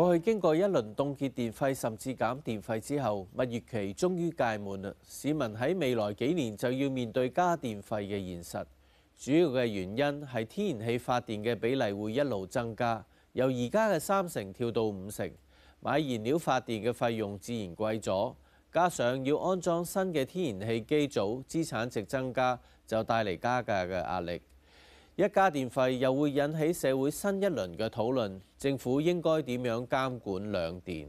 過去經過一輪凍結電費甚至減電費之後，蜜月期終於屆滿啦！市民喺未來幾年就要面對加電費嘅現實。主要嘅原因係天然氣發電嘅比例會一路增加，由而家嘅三成跳到五成，買燃料發電嘅費用自然貴咗。加上要安裝新嘅天然氣機組，資產值增加就帶嚟加價嘅壓力。一加電費又會引起社會新一輪嘅討論，政府應該點樣監管兩電？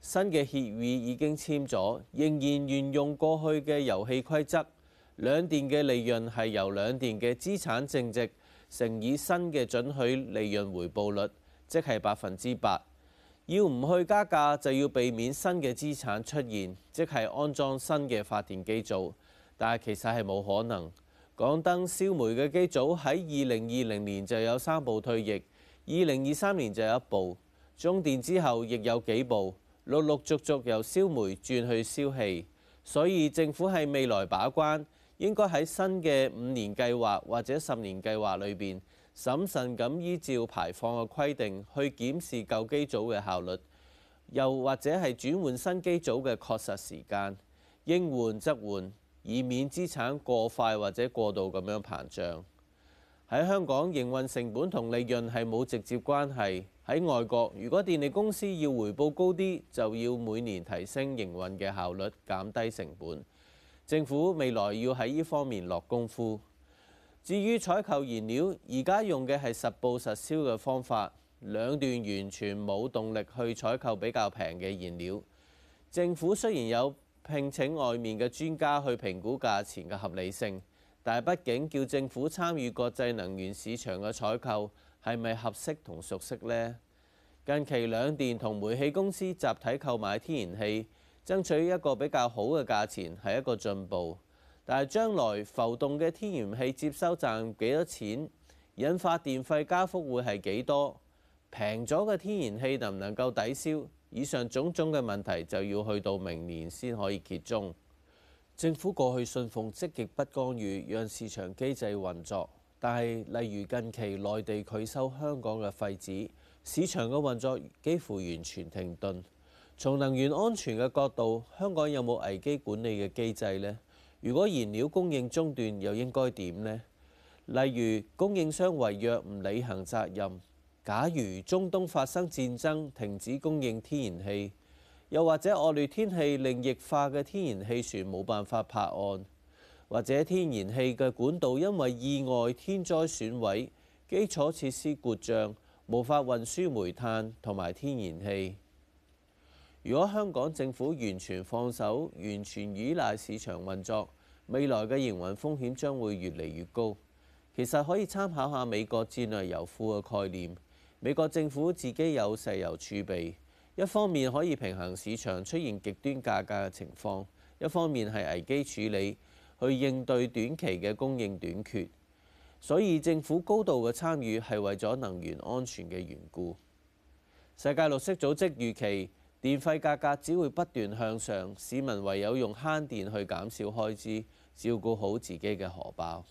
新嘅協議已經簽咗，仍然沿用過去嘅遊戲規則。兩電嘅利潤係由兩電嘅資產淨值乘以新嘅准許利潤回報率，即係百分之八。要唔去加價就要避免新嘅資產出現，即係安裝新嘅發電機組。但係其實係冇可能。港燈燒煤嘅機組喺二零二零年就有三部退役，二零二三年就有一部，中電之後，亦有幾部陸陸續續由燒煤轉去燒氣，所以政府係未來把關，應該喺新嘅五年計劃或者十年計劃裏邊，審慎咁依照排放嘅規定去檢視舊機組嘅效率，又或者係轉換新機組嘅確實時間，應換則換。以免資產過快或者過度咁樣膨脹，喺香港，營運成本同利潤係冇直接關係。喺外國，如果電力公司要回報高啲，就要每年提升營運嘅效率，減低成本。政府未來要喺呢方面落功夫。至於採購燃料，而家用嘅係實報實銷嘅方法，兩電完全冇動力去採購比較平嘅燃料。政府雖然有聘請外面嘅專家去評估價錢嘅合理性，但係畢竟叫政府參與國際能源市場嘅採購係咪合適同熟悉呢？近期兩電同煤氣公司集體購買天然氣，爭取一個比較好嘅價錢係一個進步，但係將來浮動嘅天然氣接收站幾多錢，引發電費加幅會係幾多？平咗嘅天然氣能唔能夠抵消？以上種種嘅問題就要去到明年先可以揭盅。政府過去信奉積極不干預，讓市場機制運作，但係例如近期內地拒收香港嘅廢紙，市場嘅運作幾乎完全停頓。從能源安全嘅角度，香港有冇危機管理嘅機制呢？如果燃料供應中斷，又應該點呢？例如供應商違約唔履行責任。假如中東發生戰爭，停止供應天然氣，又或者惡劣天氣令液化嘅天然氣船冇辦法泊岸，或者天然氣嘅管道因為意外天災損毀，基礎設施故障，無法運輸煤炭同埋天然氣。如果香港政府完全放手，完全依賴市場運作，未來嘅營運風險將會越嚟越高。其實可以參考下美國戰略油庫嘅概念。美國政府自己有石油儲備，一方面可以平衡市場出現極端價格嘅情況，一方面係危機處理，去應對短期嘅供應短缺。所以政府高度嘅參與係為咗能源安全嘅緣故。世界綠色組織預期，電費價格只會不斷向上，市民唯有用慳電去減少開支，照顧好自己嘅荷包。